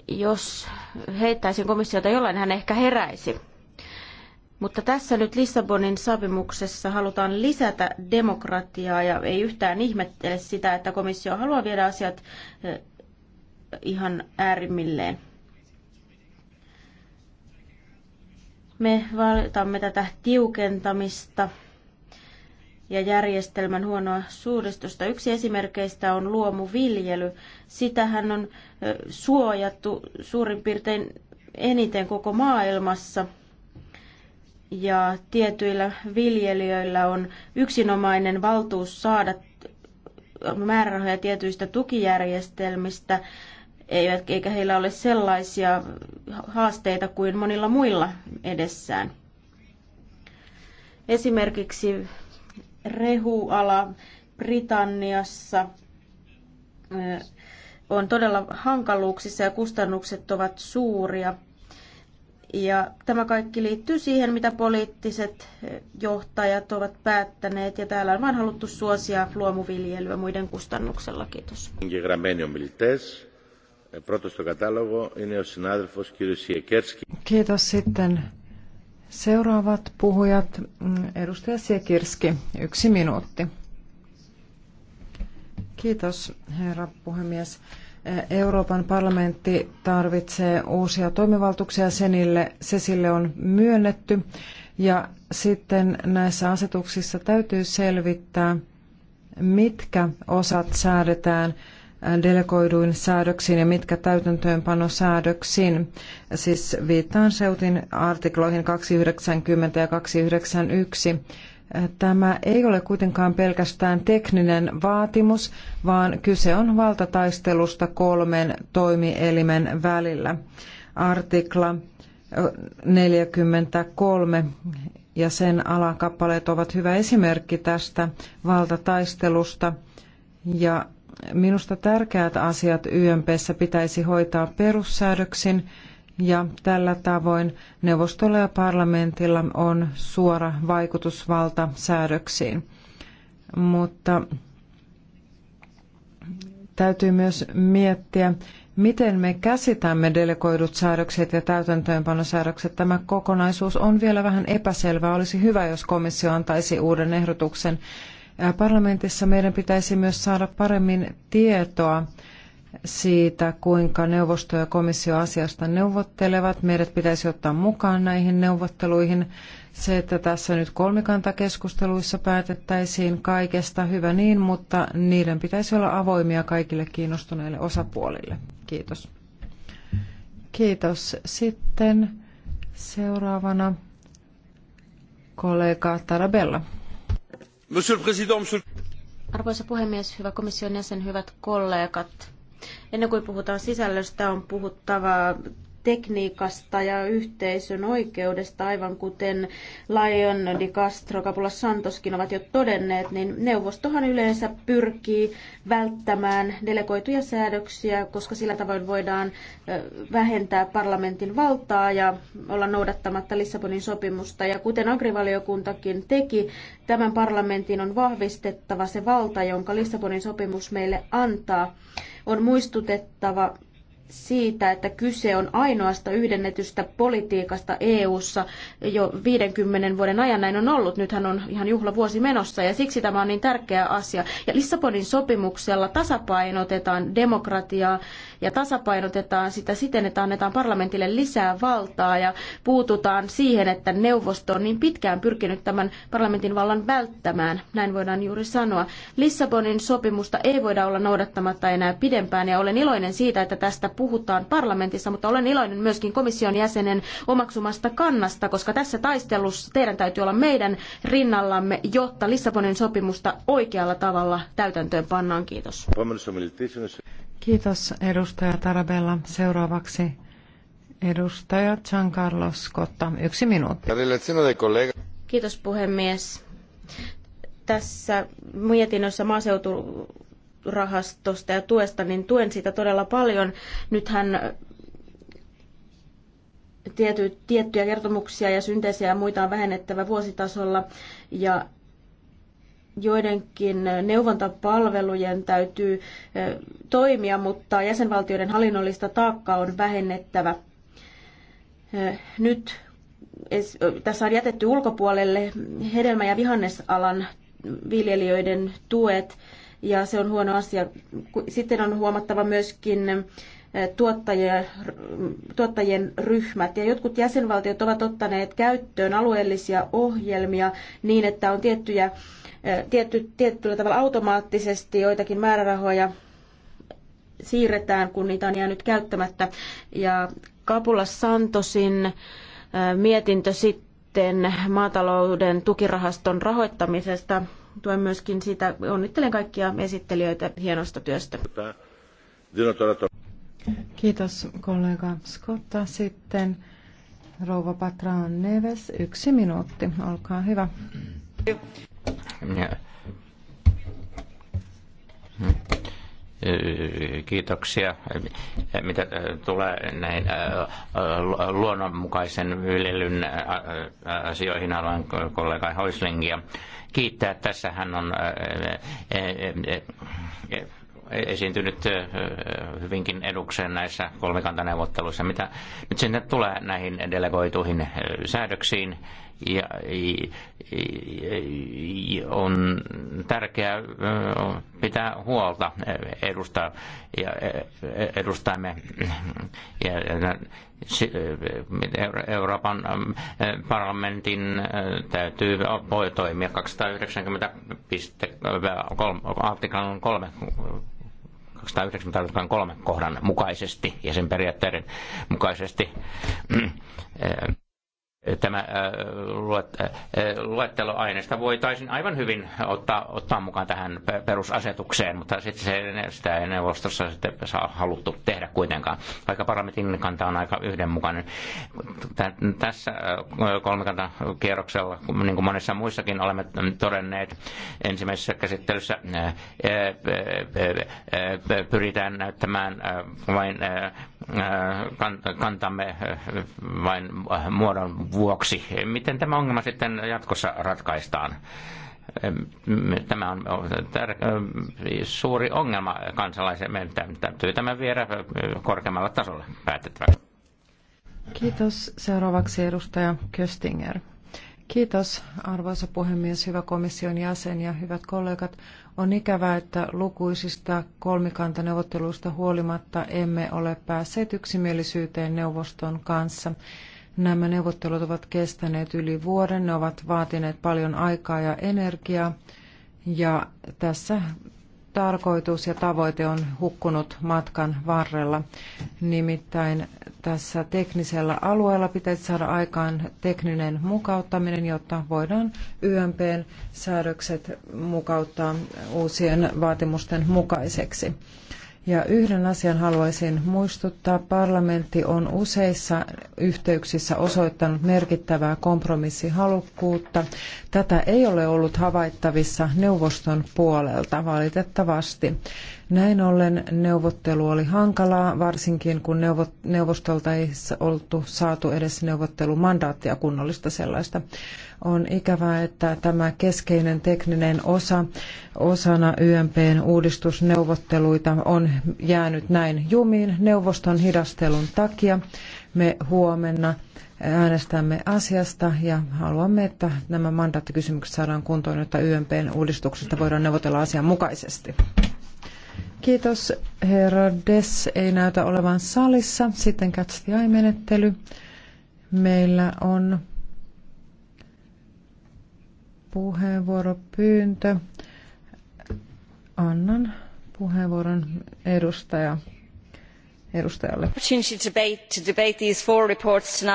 Jos heittäisin komissiota jollain, hän ehkä heräisi. Mutta tässä nyt Lissabonin sopimuksessa halutaan lisätä demokratiaa ja ei yhtään ihmettele sitä, että komissio haluaa viedä asiat ihan äärimmilleen. Me valitamme tätä tiukentamista ja järjestelmän huonoa suuristusta. Yksi esimerkkeistä on luomuviljely. Sitähän on suojattu suurin piirtein eniten koko maailmassa. Ja tietyillä viljelijöillä on yksinomainen valtuus saada määrärahoja tietyistä tukijärjestelmistä, eikä heillä ole sellaisia haasteita kuin monilla muilla edessään. Esimerkiksi rehuala Britanniassa on todella hankaluuksissa ja kustannukset ovat suuria. Ja tämä kaikki liittyy siihen, mitä poliittiset johtajat ovat päättäneet, ja täällä on vain haluttu suosia luomuviljelyä muiden kustannuksella. Kiitos. Kiitos sitten Seuraavat puhujat. Mm, edustaja Sekirski, yksi minuutti. Kiitos, herra puhemies. Euroopan parlamentti tarvitsee uusia toimivaltuuksia, senille, se sille on myönnetty. Ja sitten näissä asetuksissa täytyy selvittää, mitkä osat säädetään delegoiduin säädöksiin ja mitkä täytäntöönpanosäädöksiin. Siis viittaan Seutin artikloihin 290 ja 291. Tämä ei ole kuitenkaan pelkästään tekninen vaatimus, vaan kyse on valtataistelusta kolmen toimielimen välillä. Artikla 43 ja sen alakappaleet ovat hyvä esimerkki tästä valtataistelusta. Ja Minusta tärkeät asiat YMPssä pitäisi hoitaa perussäädöksin ja tällä tavoin neuvostolla ja parlamentilla on suora vaikutusvalta säädöksiin. Mutta täytyy myös miettiä, miten me käsitämme delegoidut säädökset ja täytäntöönpanosäädökset. Tämä kokonaisuus on vielä vähän epäselvä. Olisi hyvä, jos komissio antaisi uuden ehdotuksen Parlamentissa meidän pitäisi myös saada paremmin tietoa siitä, kuinka neuvosto ja komissio asiasta neuvottelevat. Meidät pitäisi ottaa mukaan näihin neuvotteluihin. Se, että tässä nyt kolmikantakeskusteluissa päätettäisiin kaikesta, hyvä niin, mutta niiden pitäisi olla avoimia kaikille kiinnostuneille osapuolille. Kiitos. Kiitos. Sitten seuraavana kollega Tarabella. Arvoisa puhemies, hyvä komission jäsen, hyvät kollegat. Ennen kuin puhutaan sisällöstä, on puhuttava tekniikasta ja yhteisön oikeudesta, aivan kuten Lion di Castro, Capula Santoskin ovat jo todenneet, niin neuvostohan yleensä pyrkii välttämään delegoituja säädöksiä, koska sillä tavoin voidaan vähentää parlamentin valtaa ja olla noudattamatta Lissabonin sopimusta. Ja kuten agrivaliokuntakin teki, tämän parlamentin on vahvistettava se valta, jonka Lissabonin sopimus meille antaa. On muistutettava siitä, että kyse on ainoasta yhdennetystä politiikasta EU:ssa jo 50 vuoden ajan näin on ollut. Nythän on ihan juhlavuosi menossa ja siksi tämä on niin tärkeä asia. Ja Lissabonin sopimuksella tasapainotetaan demokratiaa ja tasapainotetaan sitä siten, että annetaan parlamentille lisää valtaa ja puututaan siihen, että neuvosto on niin pitkään pyrkinyt tämän parlamentin vallan välttämään. Näin voidaan juuri sanoa. Lissabonin sopimusta ei voida olla noudattamatta enää pidempään ja olen iloinen siitä, että tästä puhutaan parlamentissa, mutta olen iloinen myöskin komission jäsenen omaksumasta kannasta, koska tässä taistelussa teidän täytyy olla meidän rinnallamme, jotta Lissabonin sopimusta oikealla tavalla täytäntöön pannaan. Kiitos. Kiitos edustaja Tarabella. Seuraavaksi edustaja Giancarlo Scotta. Yksi minuutti. Kiitos puhemies. Tässä mietinnössä maaseutu rahastosta ja tuesta, niin tuen sitä todella paljon. Nythän äh, tiety, tiettyjä kertomuksia ja synteisiä ja muita on vähennettävä vuositasolla ja joidenkin neuvontapalvelujen täytyy äh, toimia, mutta jäsenvaltioiden hallinnollista taakkaa on vähennettävä. Äh, nyt tässä on jätetty ulkopuolelle hedelmä- ja vihannesalan viljelijöiden tuet ja se on huono asia. Sitten on huomattava myöskin eh, tuottajien, tuottajien ryhmät. Ja jotkut jäsenvaltiot ovat ottaneet käyttöön alueellisia ohjelmia niin, että on tiettyjä, eh, tietty, tietyllä tavalla automaattisesti joitakin määrärahoja siirretään, kun niitä on jäänyt käyttämättä. Ja Kapula Santosin eh, mietintö sitten sitten maatalouden tukirahaston rahoittamisesta. Tuen myöskin sitä. Onnittelen kaikkia esittelijöitä hienosta työstä. Kiitos kollega Skotta. Sitten rouva Patraan Neves, yksi minuutti. Olkaa hyvä. Kiitoksia. Mitä tulee näihin luonnonmukaisen viljelyn asioihin, haluan kollega Hoislingia kiittää. Tässä hän on esiintynyt hyvinkin edukseen näissä kolmikantaneuvotteluissa. Mitä nyt sinne tulee näihin delegoituihin säädöksiin, ja, on tärkeää pitää huolta edustaa, ja edustamme ja Euroopan parlamentin täytyy toimia 290.3 artiklan 3 293 kohdan mukaisesti ja sen periaatteiden mukaisesti tämä äh, äh, luetteloaineista voitaisiin aivan hyvin ottaa, ottaa mukaan tähän perusasetukseen, mutta sitten se, sitä ei neuvostossa sitten saa haluttu tehdä kuitenkaan, vaikka parlamentin kanta on aika yhdenmukainen. Tässä äh, kolmikantakierroksella, niin kuin monessa muissakin olemme todenneet, ensimmäisessä käsittelyssä pyritään näyttämään vain Äh, kantamme äh, vain äh, muodon vuoksi. Miten tämä ongelma sitten jatkossa ratkaistaan? Ähm, tämä on suuri ongelma kansalaisemme. Täytyy tämä viedä korkeammalle tasolle päätettäväksi. Kiitos. Seuraavaksi edustaja Köstinger. Kiitos arvoisa puhemies, hyvä komission jäsen ja hyvät kollegat. On ikävää, että lukuisista kolmikantaneuvotteluista huolimatta emme ole päässeet yksimielisyyteen neuvoston kanssa. Nämä neuvottelut ovat kestäneet yli vuoden, ne ovat vaatineet paljon aikaa ja energiaa ja tässä tarkoitus ja tavoite on hukkunut matkan varrella. Nimittäin tässä teknisellä alueella pitäisi saada aikaan tekninen mukauttaminen, jotta voidaan YMPn säädökset mukauttaa uusien vaatimusten mukaiseksi. Ja yhden asian haluaisin muistuttaa. Parlamentti on useissa yhteyksissä osoittanut merkittävää kompromissihalukkuutta. Tätä ei ole ollut havaittavissa neuvoston puolelta valitettavasti. Näin ollen neuvottelu oli hankalaa, varsinkin kun neuvostolta ei oltu saatu edes neuvottelumandaattia kunnollista sellaista. On ikävää, että tämä keskeinen tekninen osa osana YMPn uudistusneuvotteluita on jäänyt näin jumiin neuvoston hidastelun takia. Me huomenna äänestämme asiasta ja haluamme, että nämä mandaattikysymykset saadaan kuntoon, jotta YMPn uudistuksesta voidaan neuvotella asianmukaisesti. Kiitos herra Des, ei näytä olevan salissa. Sitten catch menettely Meillä on puheenvuoropyyntö. Annan puheenvuoron edustaja edustajalle.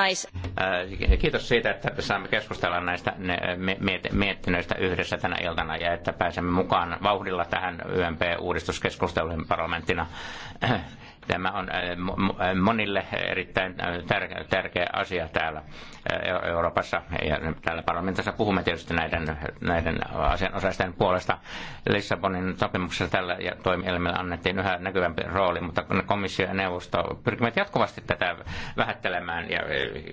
Äh, kiitos siitä, että saamme keskustella näistä miettinöistä yhdessä tänä iltana ja että pääsemme mukaan vauhdilla tähän YMP-uudistuskeskusteluun parlamenttina Tämä on äh, äh, monille erittäin äh, tärkeä asia täällä Euroopassa ja täällä parlamentissa puhumme tietysti näiden, näiden asianosaisten puolesta. Lissabonin sopimuksessa tällä toimielimellä annettiin yhä näkyvämpi rooli, mutta komissio ja neuvosto pyrkivät jatkuvasti tätä vähättelemään ja,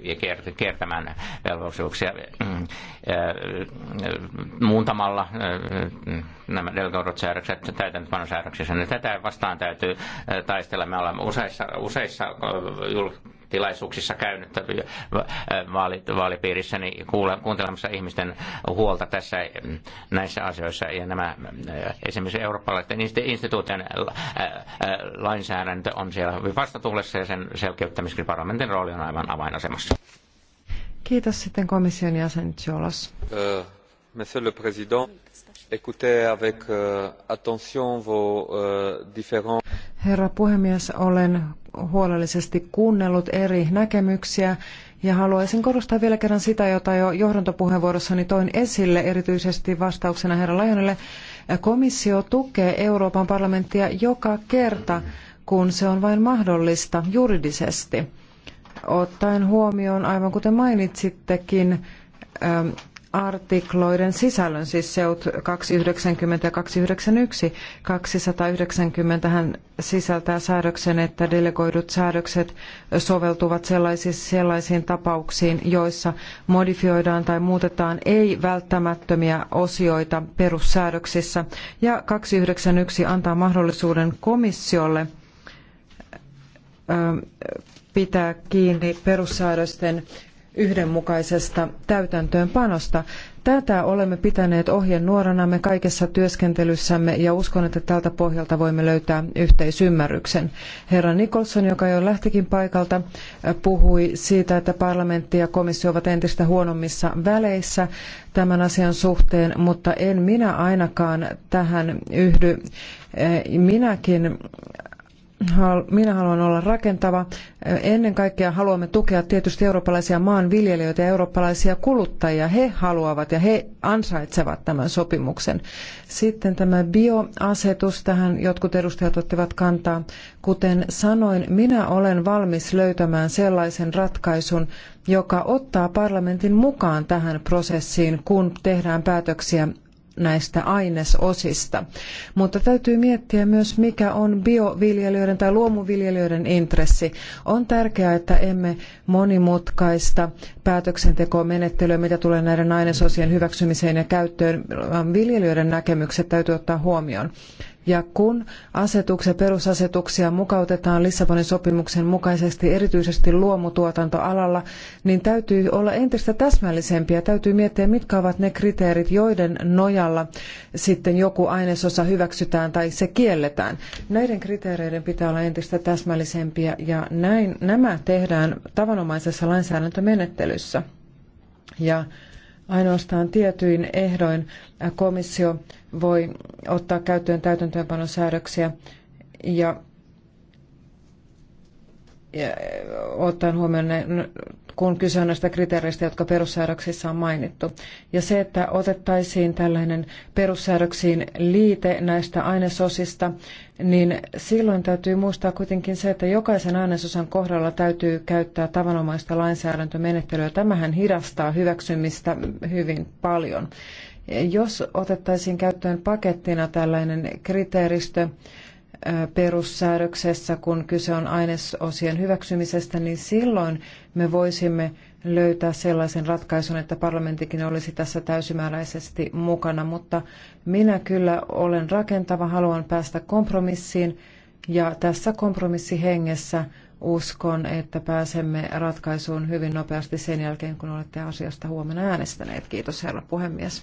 ja kiertämään velvollisuuksia mm, muuntamalla nämä delegoidut säädökset täytäntöpanosäädöksissä. Niin tätä vastaan täytyy äh, taistella. Me olemme useissa, useissa äh, tilaisuuksissa käynyt äh, vaalipiirissä niin kuuntelemassa ihmisten huolta tässä näissä asioissa. Ja nämä esimerkiksi eurooppalaisten instituutien lainsäädäntö on siellä vastatuulessa ja sen selkeyttämiskin parlamentin rooli on aivan avainasemassa. Kiitos sitten komission jäsen Cholos. Uh, monsieur le Président écouté avec euh, attention vos euh, Herra puhemies, olen huolellisesti kuunnellut eri näkemyksiä ja haluaisin korostaa vielä kerran sitä, jota jo johdantopuheenvuorossani toin esille, erityisesti vastauksena herra Lajonelle. Komissio tukee Euroopan parlamenttia joka kerta, kun se on vain mahdollista juridisesti. Ottaen huomioon, aivan kuten mainitsittekin, artikloiden sisällön, siis SEUT 290 ja 291. 290 hän sisältää säädöksen, että delegoidut säädökset soveltuvat sellaisiin tapauksiin, joissa modifioidaan tai muutetaan ei-välttämättömiä osioita perussäädöksissä. Ja 291 antaa mahdollisuuden komissiolle pitää kiinni perussäädösten yhdenmukaisesta täytäntöönpanosta. Tätä olemme pitäneet ohjenuoranamme kaikessa työskentelyssämme ja uskon, että tältä pohjalta voimme löytää yhteisymmärryksen. Herra Nicholson, joka jo lähtikin paikalta, puhui siitä, että parlamentti ja komissio ovat entistä huonommissa väleissä tämän asian suhteen, mutta en minä ainakaan tähän yhdy. Minäkin minä haluan olla rakentava. Ennen kaikkea haluamme tukea tietysti eurooppalaisia maanviljelijöitä ja eurooppalaisia kuluttajia. He haluavat ja he ansaitsevat tämän sopimuksen. Sitten tämä bioasetus, tähän jotkut edustajat ottivat kantaa. Kuten sanoin, minä olen valmis löytämään sellaisen ratkaisun, joka ottaa parlamentin mukaan tähän prosessiin, kun tehdään päätöksiä näistä ainesosista. Mutta täytyy miettiä myös, mikä on bioviljelijöiden tai luomuviljelijöiden intressi. On tärkeää, että emme monimutkaista päätöksentekomenettelyä, mitä tulee näiden ainesosien hyväksymiseen ja käyttöön. Viljelijöiden näkemykset täytyy ottaa huomioon. Ja kun asetuksia, perusasetuksia mukautetaan Lissabonin sopimuksen mukaisesti erityisesti luomutuotantoalalla, niin täytyy olla entistä täsmällisempiä. Täytyy miettiä, mitkä ovat ne kriteerit, joiden nojalla sitten joku ainesosa hyväksytään tai se kielletään. Näiden kriteereiden pitää olla entistä täsmällisempiä ja näin nämä tehdään tavanomaisessa lainsäädäntömenettelyssä. Ja Ainoastaan tietyin ehdoin komissio voi ottaa käyttöön täytäntöönpanosäädöksiä ja ja, ottaen huomioon, ne, kun kyse on näistä kriteereistä, jotka perussäädöksissä on mainittu. Ja se, että otettaisiin tällainen perussäädöksiin liite näistä ainesosista, niin silloin täytyy muistaa kuitenkin se, että jokaisen ainesosan kohdalla täytyy käyttää tavanomaista lainsäädäntömenettelyä. Tämähän hidastaa hyväksymistä hyvin paljon. Jos otettaisiin käyttöön pakettina tällainen kriteeristö, perussäädöksessä, kun kyse on ainesosien hyväksymisestä, niin silloin me voisimme löytää sellaisen ratkaisun, että parlamenttikin olisi tässä täysimääräisesti mukana. Mutta minä kyllä olen rakentava, haluan päästä kompromissiin ja tässä kompromissihengessä uskon, että pääsemme ratkaisuun hyvin nopeasti sen jälkeen, kun olette asiasta huomenna äänestäneet. Kiitos herra puhemies.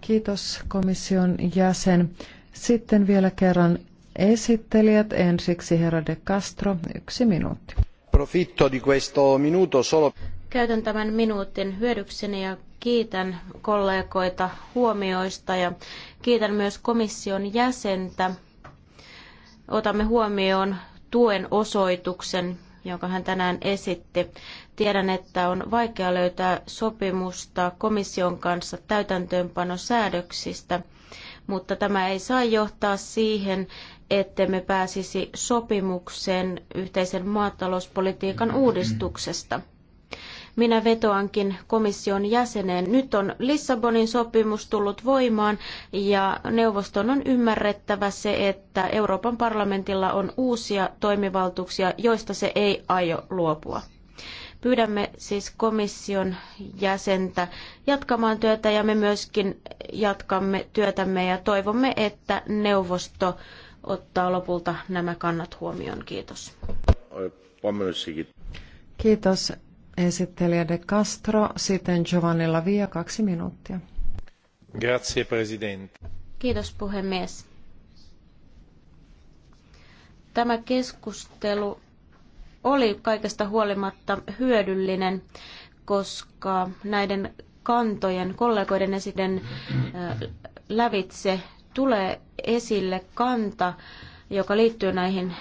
Kiitos komission jäsen. Sitten vielä kerran esittelijät. Ensiksi herra de Castro, yksi minuutti. Profitto di questo minuto solo... Käytän tämän minuutin hyödykseni ja kiitän kollegoita huomioista ja kiitän myös komission jäsentä. Otamme huomioon tuen osoituksen, jonka hän tänään esitti. Tiedän, että on vaikea löytää sopimusta komission kanssa täytäntöönpanosäädöksistä. säädöksistä mutta tämä ei saa johtaa siihen, ettemme pääsisi sopimukseen yhteisen maatalouspolitiikan uudistuksesta. Minä vetoankin komission jäseneen. Nyt on Lissabonin sopimus tullut voimaan ja neuvoston on ymmärrettävä se, että Euroopan parlamentilla on uusia toimivaltuuksia, joista se ei aio luopua. Pyydämme siis komission jäsentä jatkamaan työtä ja me myöskin jatkamme työtämme ja toivomme, että neuvosto ottaa lopulta nämä kannat huomioon. Kiitos. Kiitos esittelijä De Castro. Sitten Giovanni Lavia, kaksi minuuttia. Grazie, presidente. Kiitos puhemies. Tämä keskustelu oli kaikesta huolimatta hyödyllinen, koska näiden kantojen, kollegoiden esiden lävitse tulee esille kanta, joka liittyy näihin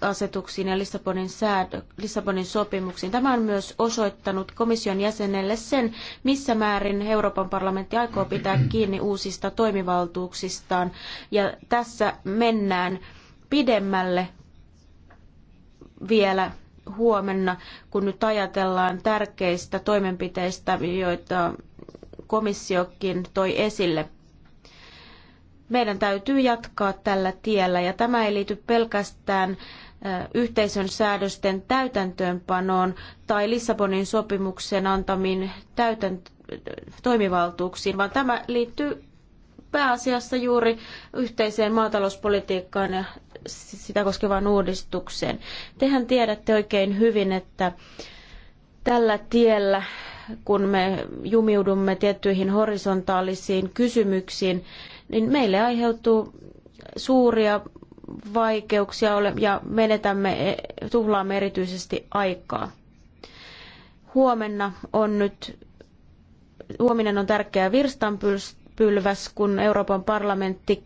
asetuksiin ja Lissabonin, säädö, Lissabonin sopimuksiin. Tämä on myös osoittanut komission jäsenelle sen, missä määrin Euroopan parlamentti aikoo pitää kiinni uusista toimivaltuuksistaan. Ja tässä mennään pidemmälle vielä huomenna, kun nyt ajatellaan tärkeistä toimenpiteistä, joita komissiokin toi esille. Meidän täytyy jatkaa tällä tiellä ja tämä ei liity pelkästään yhteisön säädösten täytäntöönpanoon tai Lissabonin sopimuksen antamiin täytäntö- toimivaltuuksiin, vaan tämä liittyy pääasiassa juuri yhteiseen maatalouspolitiikkaan ja sitä koskevaan uudistukseen. Tehän tiedätte oikein hyvin, että tällä tiellä, kun me jumiudumme tiettyihin horisontaalisiin kysymyksiin, niin meille aiheutuu suuria vaikeuksia ja menetämme, tuhlaamme erityisesti aikaa. Huomenna on nyt, huominen on tärkeä virstanpylväs Pylväs kun Euroopan parlamentti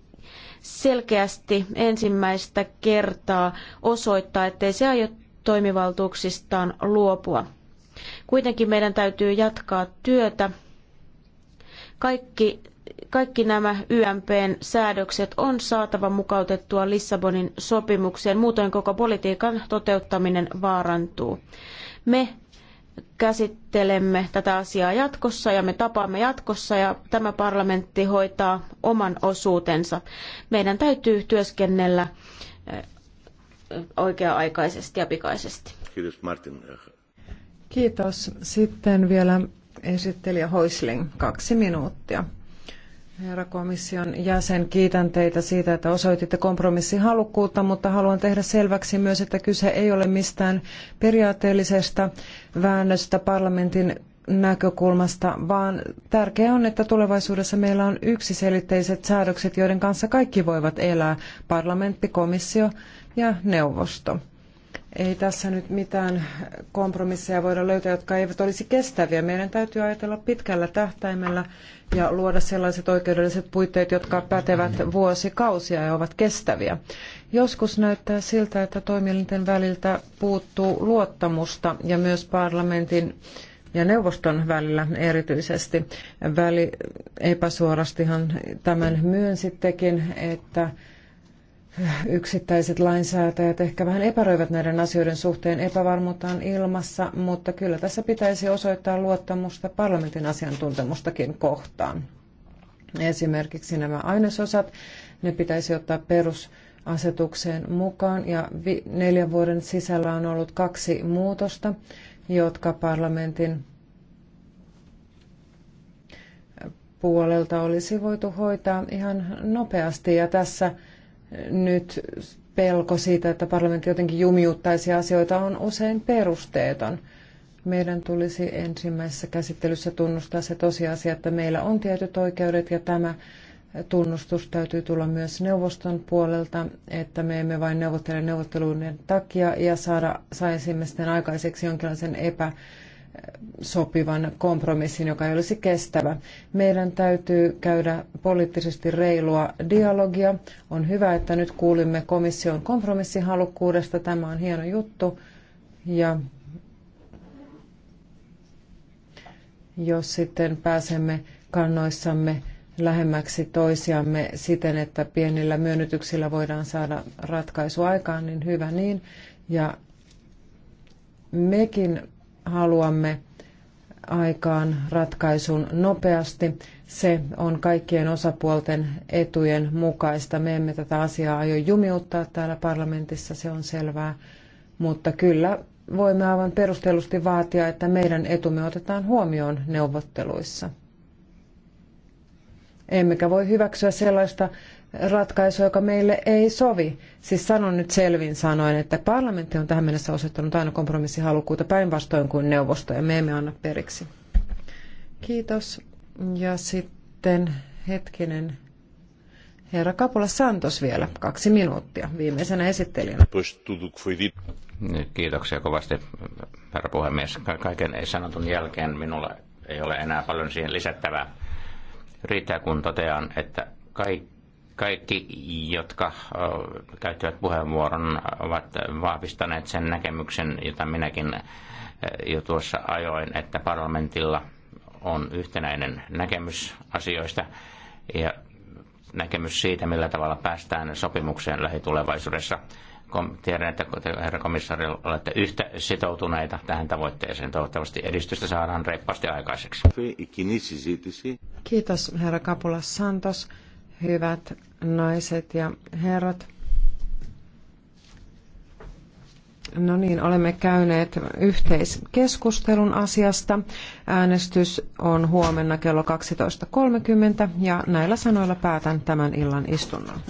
selkeästi ensimmäistä kertaa osoittaa, ettei se aio toimivaltuuksistaan luopua. Kuitenkin meidän täytyy jatkaa työtä. Kaikki, kaikki nämä YMPn säädökset on saatava mukautettua Lissabonin sopimukseen, muutoin koko politiikan toteuttaminen vaarantuu. Me käsittelemme tätä asiaa jatkossa ja me tapaamme jatkossa ja tämä parlamentti hoitaa oman osuutensa. Meidän täytyy työskennellä eh, oikea-aikaisesti ja pikaisesti. Kiitos Martin. Kiitos. Sitten vielä esittelijä Hoisling, kaksi minuuttia. Herra komission jäsen, kiitän teitä siitä, että osoititte kompromissihalukkuutta, mutta haluan tehdä selväksi myös, että kyse ei ole mistään periaatteellisesta väännöstä parlamentin näkökulmasta, vaan tärkeää on, että tulevaisuudessa meillä on yksiselitteiset säädökset, joiden kanssa kaikki voivat elää, parlamentti, komissio ja neuvosto. Ei tässä nyt mitään kompromisseja voida löytää, jotka eivät olisi kestäviä. Meidän täytyy ajatella pitkällä tähtäimellä ja luoda sellaiset oikeudelliset puitteet, jotka pätevät vuosikausia ja ovat kestäviä. Joskus näyttää siltä, että toimielinten väliltä puuttuu luottamusta ja myös parlamentin ja neuvoston välillä erityisesti. Väli epäsuorastihan tämän myönsittekin, että yksittäiset lainsäätäjät ehkä vähän epäröivät näiden asioiden suhteen. Epävarmuutta on ilmassa, mutta kyllä tässä pitäisi osoittaa luottamusta parlamentin asiantuntemustakin kohtaan. Esimerkiksi nämä ainesosat, ne pitäisi ottaa perusasetukseen mukaan ja neljän vuoden sisällä on ollut kaksi muutosta, jotka parlamentin puolelta olisi voitu hoitaa ihan nopeasti ja tässä nyt pelko siitä, että parlamentti jotenkin jumiuttaisi asioita, on usein perusteeton. Meidän tulisi ensimmäisessä käsittelyssä tunnustaa se tosiasia, että meillä on tietyt oikeudet ja tämä tunnustus täytyy tulla myös neuvoston puolelta, että me emme vain neuvottele neuvotteluiden takia ja saada, saisimme sitten aikaiseksi jonkinlaisen epä sopivan kompromissin, joka ei olisi kestävä. Meidän täytyy käydä poliittisesti reilua dialogia. On hyvä, että nyt kuulimme komission kompromissihalukkuudesta. Tämä on hieno juttu. Ja jos sitten pääsemme kannoissamme lähemmäksi toisiamme siten, että pienillä myönnytyksillä voidaan saada ratkaisu aikaan, niin hyvä niin. Ja mekin haluamme aikaan ratkaisun nopeasti. Se on kaikkien osapuolten etujen mukaista. Me emme tätä asiaa aio jumiuttaa täällä parlamentissa, se on selvää. Mutta kyllä voimme aivan perustellusti vaatia, että meidän etumme otetaan huomioon neuvotteluissa. Emmekä voi hyväksyä sellaista ratkaisu, joka meille ei sovi. Siis sanon nyt selvin sanoen, että parlamentti on tähän mennessä osoittanut aina kompromissihalukkuutta päinvastoin kuin neuvosto, ja me emme anna periksi. Kiitos. Ja sitten hetkinen. Herra Kapula Santos vielä, kaksi minuuttia viimeisenä esittelijänä. Kiitoksia kovasti, herra puhemies. Kaiken sanotun jälkeen minulla ei ole enää paljon siihen lisättävää. Riittää kun totean, että kaikki kaikki, jotka käyttävät puheenvuoron, ovat vahvistaneet sen näkemyksen, jota minäkin jo tuossa ajoin, että parlamentilla on yhtenäinen näkemys asioista ja näkemys siitä, millä tavalla päästään sopimukseen lähitulevaisuudessa. Tiedän, että herra komissaari, olette yhtä sitoutuneita tähän tavoitteeseen. Toivottavasti edistystä saadaan reippaasti aikaiseksi. Kiitos, herra Kapula Santos. Hyvät naiset ja herrat. No niin, olemme käyneet yhteiskeskustelun asiasta. Äänestys on huomenna kello 12.30 ja näillä sanoilla päätän tämän illan istunnon.